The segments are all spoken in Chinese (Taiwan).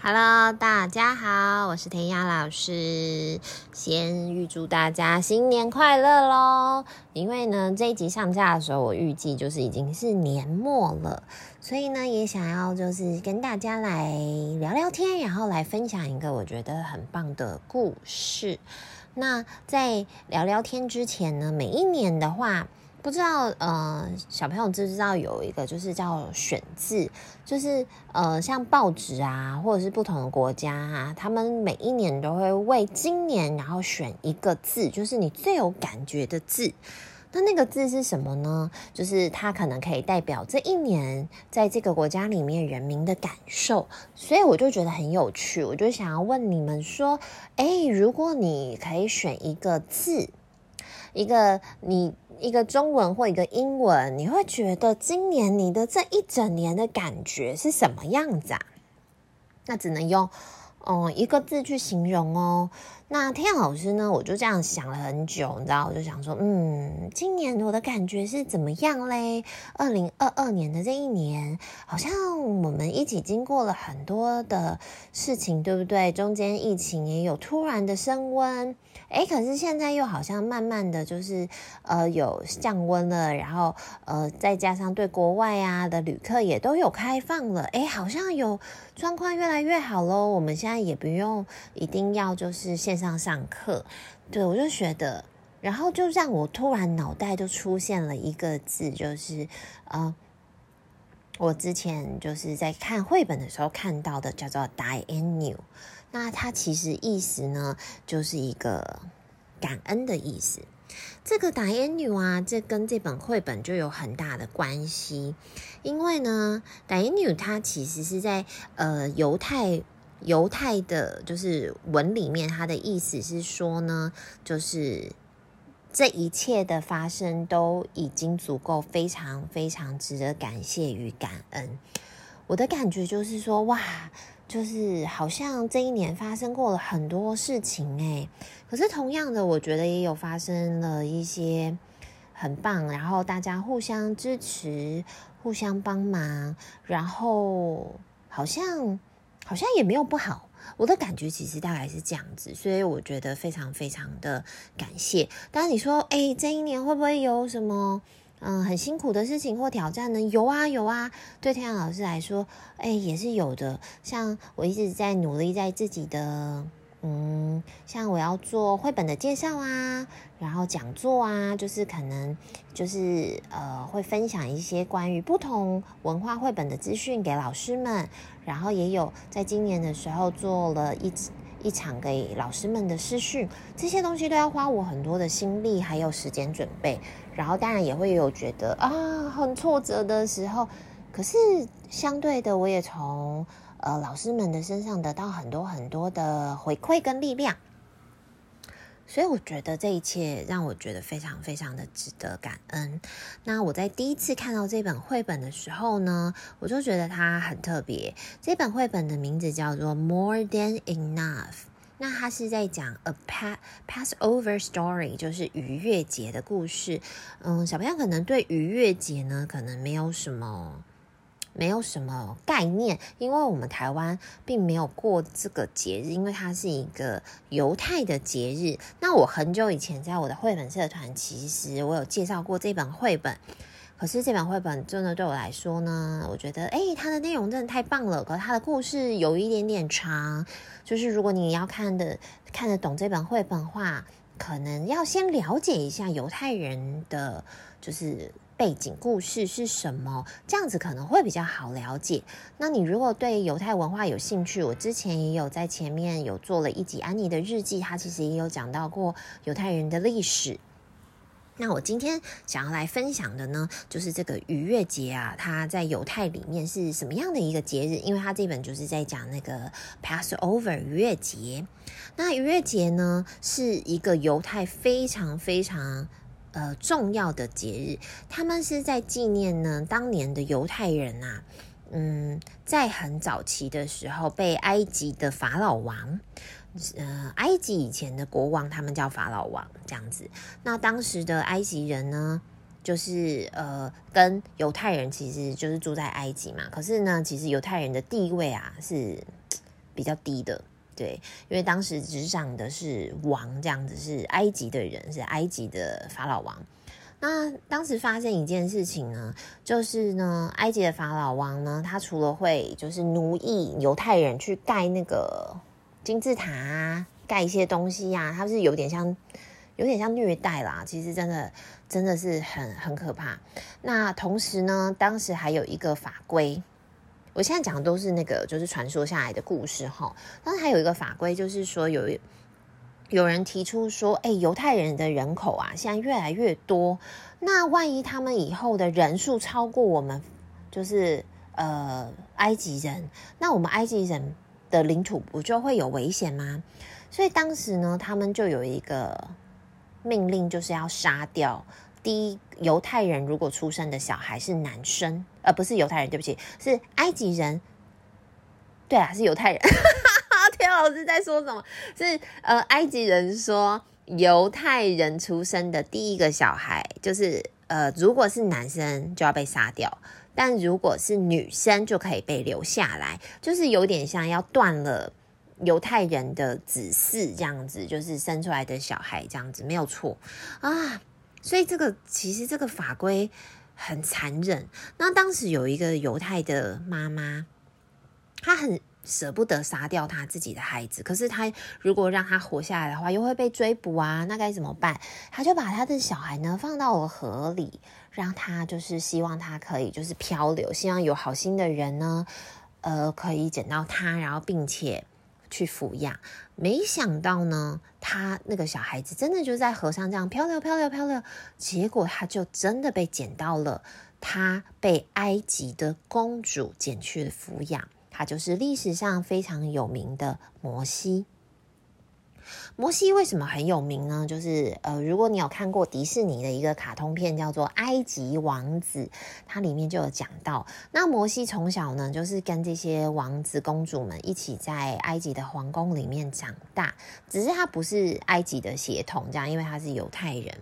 Hello，大家好，我是彈雅老師。先預祝大家新年快樂嘍！因為呢，這一集上架的時候，我預計就是已經是年末了，所以呢，也想要就是跟大家來聊聊天，然後來分享一個我覺得很棒的故事。那在聊聊天之前呢，每一年的話。不知道，呃，小朋友知不知道有一個就是叫選字，就是呃，像報紙啊，或者是不同的國家啊，他們每一年都會為今年然後選一個字，就是你最有感覺的字。那那個字是什麼呢？就是它可能可以代表這一年在這個國家裡面人民的感受。所以我就覺得很有趣，我就想要問你們說：誒，如果你可以選一個字，一個你。一個中文或一個英文，你會覺得今年你的這一整年的感覺是什麼樣子啊？那只能用，嗯，一個字去形容哦。那天老師呢，我就這樣想了很久，你知道，我就想說，嗯，今年我的感覺是怎麼樣嘞？2022年的這一年，好像我們一起經過了很多的事情，對不對？中間疫情也有突然的升溫，哎、欸，可是現在又好像慢慢的就是，呃，有降溫了，然後，呃，再加上對國外啊的旅客也都有開放了，哎、欸，好像有狀況越來越好咯，我們現在也不用一定要就是現。上上課，對我就覺得，然後就讓我突然腦袋就出現了一個字，就是呃，我之前就是在看繪本的時候看到的，叫做 Dayenu 那它其實意思呢，就是一個感恩的意思。這個 Dayenu 啊，這跟這本繪本就有很大的關係，因為呢 Dayenu 它其實是在呃猶太。猶太的，就是文裡面，他的意思是說呢，就是這一切的發生都已經足夠，非常非常值得感謝與感恩。我的感覺就是說，哇，就是好像這一年發生過了很多事情哎、欸，可是同樣的，我覺得也有發生了一些很棒，然後大家互相支持、互相幫忙，然後好像。好像也沒有不好，我的感覺其實大概是這樣子，所以我覺得非常非常的感謝。當然你說，誒、欸，這一年會不會有什麼嗯很辛苦的事情或挑戰呢？有啊有啊，對彈雅老師來說，誒、欸，也是有的。像我一直在努力在自己的。嗯，像我要做繪本的介紹啊，然後講座啊，就是可能就是呃，會分享一些關於不同文化繪本的資訊給老師們，然後也有在今年的時候做了一一場給老師們的視訊，這些東西都要花我很多的心力還有時間準備，然後當然也會有覺得啊很挫折的時候，可是相對的我也從。呃，老師們的身上得到很多很多的回饋跟力量，所以我覺得這一切讓我覺得非常非常的值得感恩。那我在第一次看到這本繪本的時候呢，我就覺得它很特別。這本繪本的名字叫做《More Than Enough》，那它是在講 A Pass Passover Story，就是逾越節的故事。嗯，小朋友可能對逾越節呢，可能沒有什麼。沒有什麼概念，因為我們台灣並沒有過這個節日，因為它是一個猶太的節日。那我很久以前在我的繪本社團，其實我有介紹過這本繪本。可是這本繪本真的對我來說呢，我覺得哎，它的內容真的太棒了，可它的故事有一點點長，就是如果你要看的看得懂這本繪本的話，可能要先了解一下猶太人的就是。背景故事是什麼？這樣子可能會比較好了解。那你如果對猶太文化有興趣，我之前也有在前面有做了一集《安妮的日記》，它其實也有講到過猶太人的歷史。那我今天想要來分享的呢，就是這個逾越節啊，它在猶太裡面是什麼樣的一個節日？因為它這本就是在講那個 Passover 逾越節。那逾越節呢，是一個猶太非常非常。呃，重要的節日，他們是在紀念呢，當年的猶太人啊，嗯，在很早期的時候被埃及的法老王，呃，埃及以前的國王，他們叫法老王這樣子。那當時的埃及人呢，就是呃，跟猶太人其實就是住在埃及嘛。可是呢，其實猶太人的地位啊是比較低的。對，因為當時執掌的是王這樣子，是埃及的人，是埃及的法老王。那當時發生一件事情呢，就是呢，埃及的法老王呢，他除了會就是奴役猶太人去蓋那個金字塔啊，蓋一些東西啊，他是有點像有點像虐待啦。其實真的真的是很很可怕。那同時呢，當時還有一個法規。我現在講的都是那個，就是傳說下來的故事哈。但是還有一個法規，就是說有有人提出說，欸，猶太人的人口啊，現在越來越多，那萬一他們以後的人數超過我們，就是呃埃及人，那我們埃及人的領土不就會有危險嗎？所以當時呢，他們就有一個命令，就是要殺掉。第一，猶太人如果出生的小孩是男生，呃，不是猶太人，對不起，是埃及人。對啊，是猶太人。 天老師在說什麼？是呃，埃及人說猶太人出生的第一個小孩，就是呃，如果是男生就要被殺掉，但如果是女生就可以被留下來，就是有點像要斷了猶太人的子嗣這樣子，就是生出來的小孩這樣子，沒有錯啊。所以這個，其實這個法規很殘忍。那當時有一個猶太的媽媽，她很捨不得殺掉她自己的孩子，可是她如果讓她活下來的話，又會被追捕啊，那該怎麼辦？她就把她的小孩呢放到了河裡，讓她就是希望她可以就是漂流，希望有好心的人呢，呃，可以撿到她，然後並且。去撫養，沒想到呢，他那個小孩子真的就在河上這樣漂流、漂流、漂流，結果他就真的被撿到了，他被埃及的公主撿去了撫養，他就是歷史上非常有名的摩西。摩西為什麼很有名呢？就是呃，如果你有看過迪士尼的一個卡通片，叫做《埃及王子》，它裡面就有講到，那摩西從小呢，就是跟這些王子公主們一起在埃及的皇宮裡面長大。只是他不是埃及的血統，這樣，因為他是猶太人。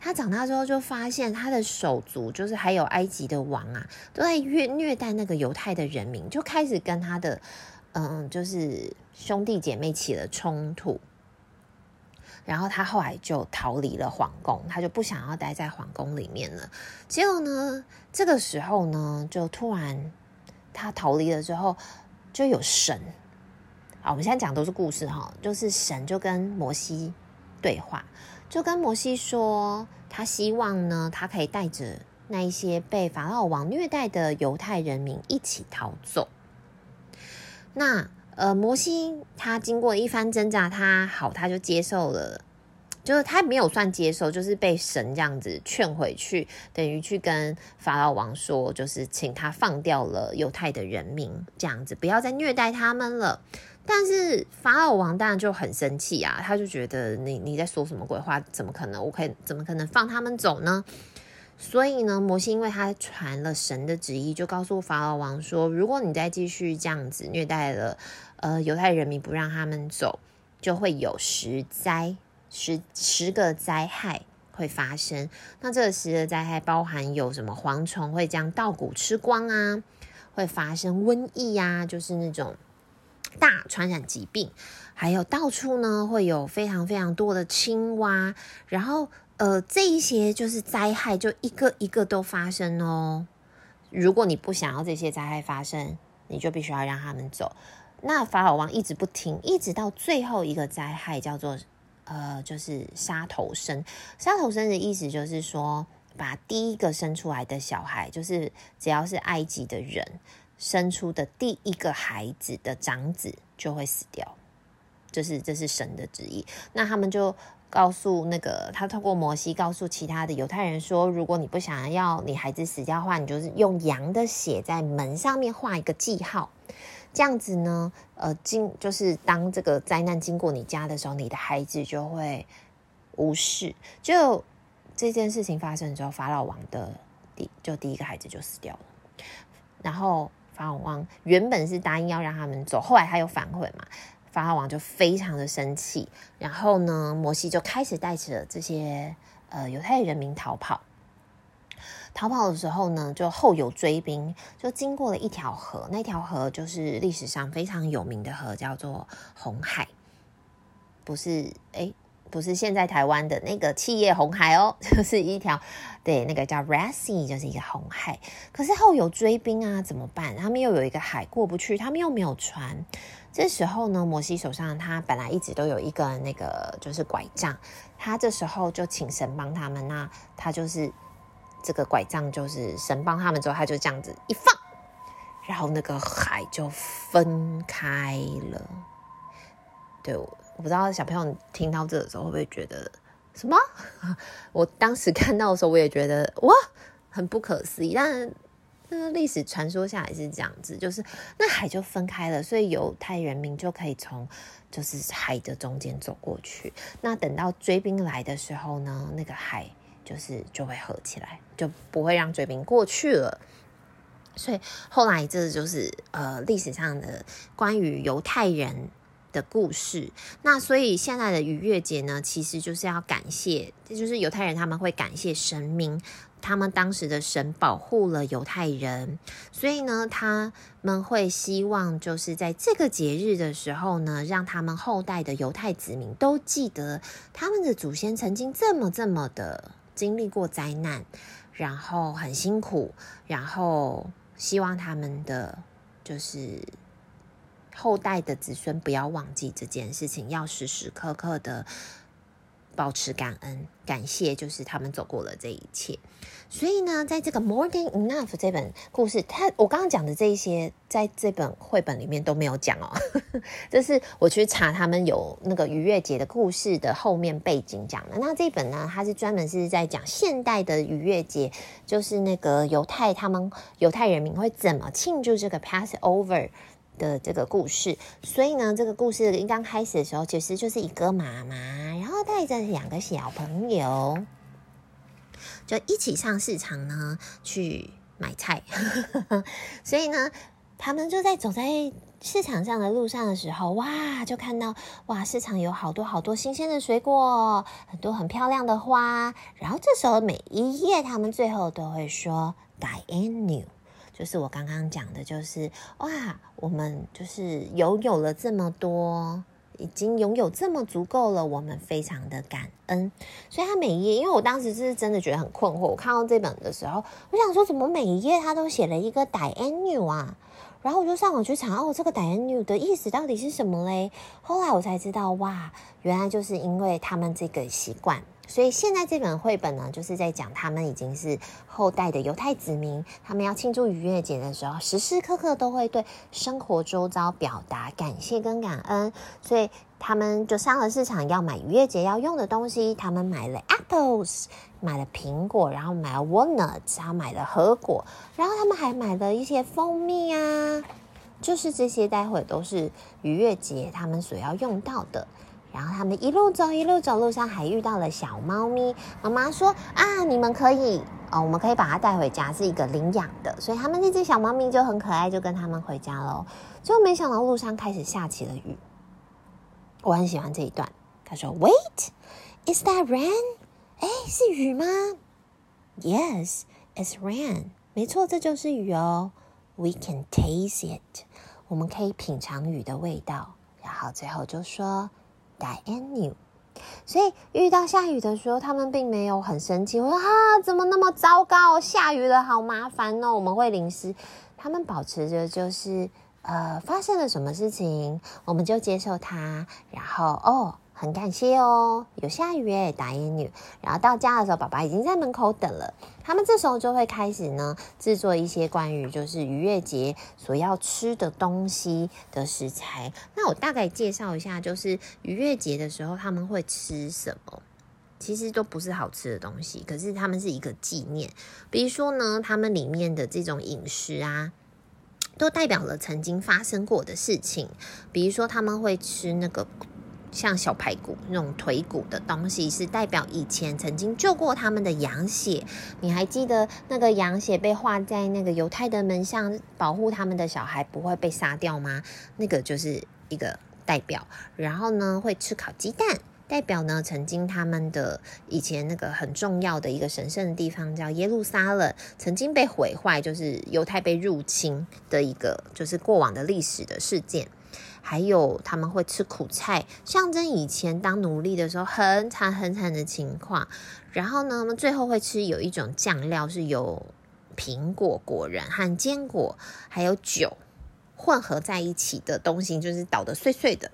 他長大之後就發現，他的手足就是還有埃及的王啊，都在虐虐待那個猶太的人民，就開始跟他的嗯，就是兄弟姐妹起了衝突。然後他後來就逃離了皇宮，他就不想要待在皇宮裡面了。結果呢，這個時候呢，就突然他逃離了之後，就有神。好，我們現在講的都是故事哈、哦，就是神就跟摩西對話，就跟摩西說，他希望呢，他可以帶着那一些被法老王虐待的猶太人民一起逃走。那呃，摩西他經過一番掙扎，他好，他就接受了，就是他沒有算接受，就是被神這樣子勸回去，等於去跟法老王說，就是請他放掉了猶太的人民，這樣子不要再虐待他們了。但是法老王當然就很生氣啊，他就覺得你你在說什麼鬼話？怎麼可能？我可以怎麼可能放他們走呢？所以呢，摩西因為他傳了神的旨意，就告訴法老王說，如果你再繼續這樣子虐待了呃猶太人民，不讓他們走，就會有十災十十個災害會發生。那這個十個災害包含有什麼？蝗蟲會將稻穀吃光啊，會發生瘟疫呀、啊，就是那種大傳染疾病，還有到處呢會有非常非常多的青蛙，然後。呃，這一些就是災害，就一個一個都發生哦。如果你不想要這些災害發生，你就必須要讓他們走。那法老王一直不聽，一直到最後一個災害叫做呃，就是殺頭生。殺頭生的意思就是說，把第一個生出來的小孩，就是只要是埃及的人生出的第一個孩子的長子就會死掉，就是這是神的旨意。那他們就。告訴那個他透過摩西告訴其他的猶太人說，如果你不想要你孩子死掉的話，你就是用羊的血在門上面畫一個記號，這樣子呢，呃，經就是當這個災難經過你家的時候，你的孩子就會無視。就這件事情發生之後，法老王的第就第一個孩子就死掉了，然後法老王原本是答應要讓他們走，後來他又反悔嘛。法老王就非常的生氣，然後呢，摩西就開始帶着這些呃猶太人民逃跑。逃跑的時候呢，就後有追兵，就經過了一條河，那條河就是歷史上非常有名的河，叫做紅海，不是哎，不是現在台灣的那個企業紅海哦，就是一條對，那個叫 Red Sea 就是一個紅海。可是後有追兵啊，怎麼辦？他們又有，有一個海過不去，他們又沒有船。這時候呢，摩西手上他本來一直都有一個那個就是拐杖，他這時候就請神幫他們，那他就是這個拐杖，就是神幫他們之後，他就這樣子一放，然後那個海就分開了。對，我不知道小朋友聽到這個的時候會不會覺得什麼？ 我當時看到的時候，我也覺得哇，很不可思議，但。那個歷史傳說下來是這樣子，就是那海就分開了，所以猶太人民就可以從就是海的中間走過去。那等到追兵來的時候呢，那個海就是就會合起來，就不會讓追兵過去了。所以後來這就是，呃，歷史上的關於猶太人。的故事，那所以現在的逾越節呢，其實就是要感謝，這就是猶太人他們會感謝神明，他們當時的神保護了猶太人，所以呢，他們會希望就是在這個節日的時候呢，讓他們後代的猶太子民都記得他們的祖先曾經這麼這麼的經歷過災難，然後很辛苦，然後希望他們的就是。後代的子孫不要忘記這件事情，要時時刻刻的保持感恩、感謝，就是他們走過了這一切。所以呢，在這個 More than Enough 這本故事，它我剛剛講的這一些，在這本繪本裡面都沒有講哦呵呵。這是我去查他們有那個逾越節的故事的後面背景講的。那這本呢，它是專門是在講現代的逾越節，就是那個猶太他們猶太人民會怎麼慶祝這個 Passover。的這個故事，所以呢，這個故事一剛開始的時候，其實就是一個媽媽，然後帶着兩個小朋友，就一起上市場呢去買菜呵呵呵。所以呢，他們就在走在市場上的路上的時候，哇，就看到哇，市場有好多好多新鮮的水果，很多很漂亮的花。然後這時候每一頁，他們最後都會說：「Dayenu。」就是我剛剛講的，就是哇，我們就是擁有了這麼多，已經擁有這麼足夠了，我們非常的感恩。所以他每一頁，因為我當時是真的覺得很困惑，我看到這本的時候，我想說怎麼每一頁他都寫了一個「Dayenu」啊？然後我就上網去查，哦，這個「Dayenu」的意思到底是什麼嘞？後來我才知道，哇，原來就是因為他們這個習慣。所以現在這本繪本呢，就是在講他們已經是後代的猶太子民，他們要慶祝逾越節的時候，時時刻刻都會對生活周遭表達感謝跟感恩。所以他們就上了市場要買逾越節要用的東西，他們買了 apples，買了蘋果，然後買了 walnuts，然後買了核果，然後他們還買了一些蜂蜜啊，就是這些，待會都是逾越節他們所要用到的。然後他們一路走，一路走，路上還遇到了小貓咪。媽媽說：“啊，你們可以，哦，我們可以把它帶回家，是一個領養的。”所以他們那隻小貓咪就很可愛，就跟他們回家嘍。最後沒想到路上開始下起了雨。我很喜歡這一段。他說：“Wait, is that rain？” 誒，是雨嗎？Yes, it's rain。沒錯，這就是雨哦。We can taste it。我們可以品嘗雨的味道。然後最後就說。Dayenu，所以遇到下雨的時候，他們並沒有很生氣。我說：“啊，怎麼那麼糟糕？下雨了，好麻煩哦，我們會淋濕。”他們保持着就是，呃，發生了什麼事情，我們就接受它，然後哦。很感謝哦，有下雨誒。打英女。然後到家的時候，爸爸已經在門口等了。他們這時候就會開始呢，制作一些關於就是逾越節所要吃的東西的食材。那我大概介紹一下，就是逾越節的時候他們會吃什麼？其實都不是好吃的東西，可是他們是一個紀念。比如說呢，他們裡面的這種飲食啊，都代表了曾經發生過的事情。比如說他們會吃那個。像小排骨那種腿骨的東西，是代表以前曾經救過他們的羊血。你還記得那個羊血被畫在那個猶太的門上，保護他們的小孩不會被殺掉嗎？那個就是一個代表。然後呢，會吃烤雞蛋，代表呢曾經他們的以前那個很重要的一個神聖的地方叫耶路撒冷，曾經被毀壞，就是猶太被入侵的一個就是過往的歷史的事件。還有他們會吃苦菜，象徵以前當奴隸的時候很慘很慘的情況。然後呢，他們最後會吃有一種醬料，是由蘋果果仁和堅果還有酒混合在一起的東西，就是搗得碎碎的，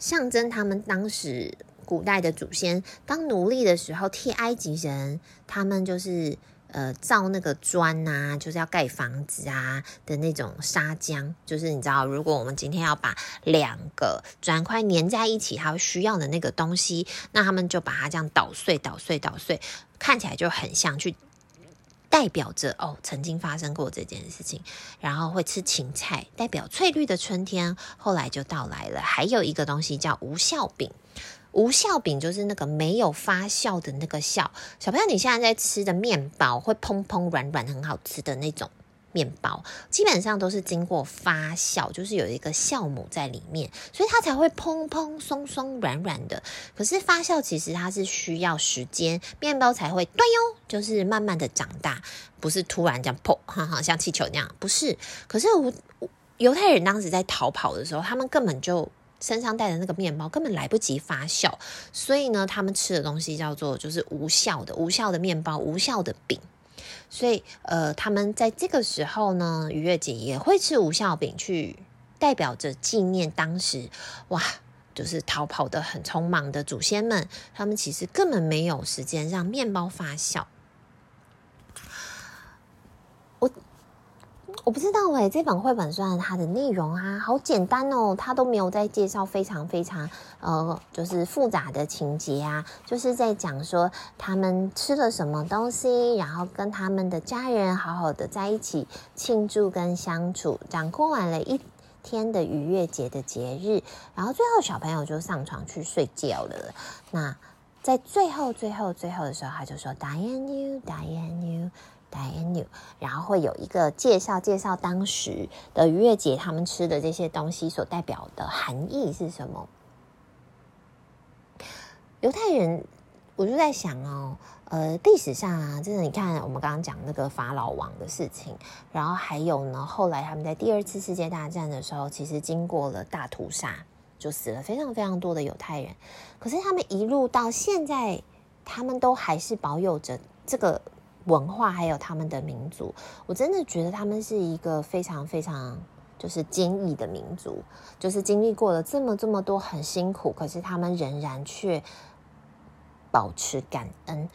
象徵他們當時古代的祖先當奴隸的時候，替埃及人，他們就是。呃，造那個磚吶、啊，就是要蓋房子啊的那種砂漿，就是你知道，如果我們今天要把兩個磚塊粘在一起，它需要的那個東西，那他們就把它這樣搗碎、搗碎、搗碎，看起來就很像，去代表着哦，曾經發生過這件事情，然後會吃芹菜，代表翠綠的春天後來就到來了，還有一個東西叫無酵餅。無酵餅就是那個沒有發酵的那個酵。小朋友，你現在在吃的麵包會蓬蓬軟軟很好吃的那種麵包，基本上都是經過發酵，就是有一個酵母在裡面，所以它才會蓬蓬鬆鬆軟軟的。可是發酵其實它是需要時間，麵包才會對喲，就是慢慢的長大，不是突然這樣破哈哈像氣球那樣，不是。可是我我猶太人當時在逃跑的時候，他們根本就。身上帶的那個麵包根本來不及發酵，所以呢，他們吃的東西叫做就是無酵的、無酵的麵包、無酵的餅。所以，呃，他們在這個時候呢，逾越節也會吃無酵餅，去代表着紀念當時哇，就是逃跑的很匆忙的祖先們，他們其實根本沒有時間讓麵包發酵。我不知道哎、欸，這本繪本算了它的內容啊，好簡單哦，它都沒有在介紹非常非常呃，就是複雜的情節啊，就是在講說他們吃了什麼東西，然後跟他們的家人好好的在一起慶祝跟相處，掌控完了一天的逾越節的節日，然後最後小朋友就上床去睡覺了。那在最後最後最後的時候，他就說：「Dayenu，Dayenu。」Dayenu 然後會有一個介紹，介紹當時的逾越節他們吃的這些東西所代表的含義是什麼？猶太人，我就在想哦，呃，歷史上啊，就是你看我們剛剛講那個法老王的事情，然後還有呢，後來他們在第二次世界大戰的時候，其實經過了大屠殺，就死了非常非常多的猶太人。可是他們一路到現在，他們都還是保有着這個。文化還有他們的民族，我真的覺得他們是一個非常非常就是堅毅的民族，就是經歷過了這麼這麼多很辛苦，可是他們仍然卻保持感恩。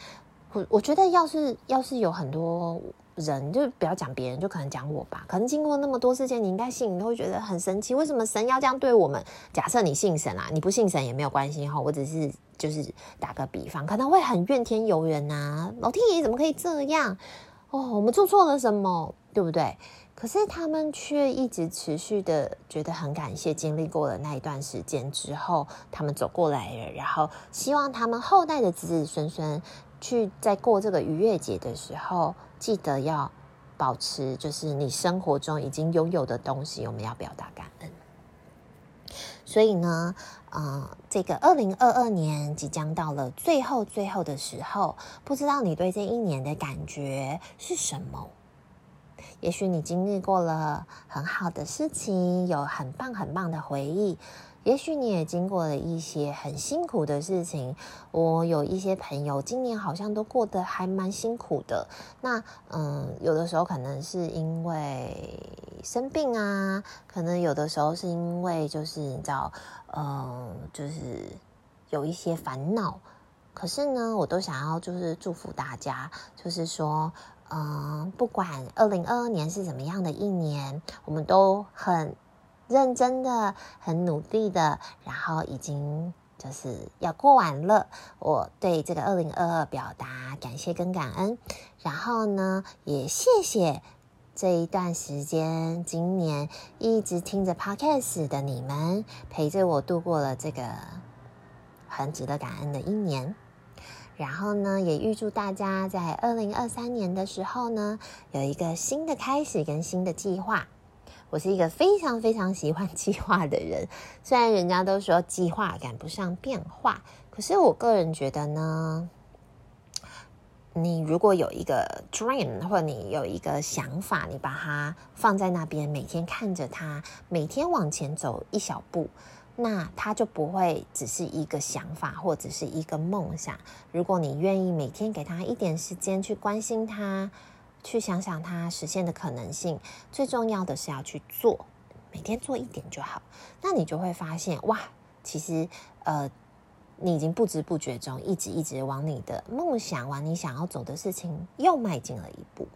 我我覺得要是要是有很多。人就不要講別人，就可能講我吧。可能經過那麼多事件，你應該信你都會覺得很神奇，為什麼神要這樣對我們？假設你信神啊，你不信神也沒有關係。哦，我只是就是打個比方，可能會很怨天尤人啊。老天爺怎麼可以這樣哦？我們做錯了什麼，對不對？可是他們卻一直持續的覺得很感謝，經歷過了那一段時間之後，他們走過來了，然後希望他們後代的子子孫孫。去在過這個逾越節的時候，記得要保持，就是你生活中已經擁有的東西，我們要表達感恩。所以呢，呃、嗯，這個二零二二年即將到了最後最後的時候，不知道你對這一年的感覺是什麼？也許你經歷過了很好的事情，有很棒很棒的回憶。也許你也經過了一些很辛苦的事情。我有一些朋友今年好像都過得還蠻辛苦的。那嗯，有的時候可能是因為生病啊，可能有的時候是因為就是你知道，嗯，就是有一些煩惱。可是呢，我都想要就是祝福大家，就是說，嗯，不管二零二二年是怎麼樣的一年，我們都很。認真的，很努力的，然後已經就是要過完了。我對這個二零二二表達感謝跟感恩，然後呢，也謝謝這一段時間，今年一直聽着 Podcast 的你們，陪着我度過了這個很值得感恩的一年。然後呢，也預祝大家在二零二三年的時候呢，有一個新的開始跟新的計劃。我是一個非常非常喜歡計劃的人，雖然人家都說計劃趕不上變化，可是我個人覺得呢，你如果有一個 dream 或者你有一個想法，你把它放在那邊，每天看着它，每天往前走一小步，那它就不會只是一個想法或者只是一個夢想。如果你願意每天給它一點時間去關心它。去想想它實現的可能性，最重要的是要去做，每天做一點就好，那你就會發現哇，其實呃，你已經不知不覺中一直一直往你的夢想、往你想要走的事情又邁進了一步。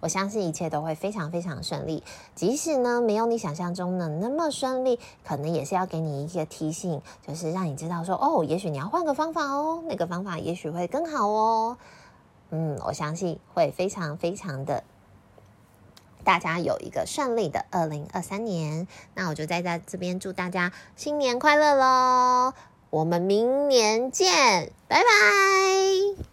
我相信一切都會非常非常順利，即使呢沒有你想象中的那麼順利，可能也是要給你一個提醒，就是讓你知道說哦，也許你要換個方法哦，那個方法也許會更好哦。嗯，我相信會非常非常的，大家有一個順利的二零二三年。那我就在在這邊祝大家新年快樂嘍！我們明年見，拜拜。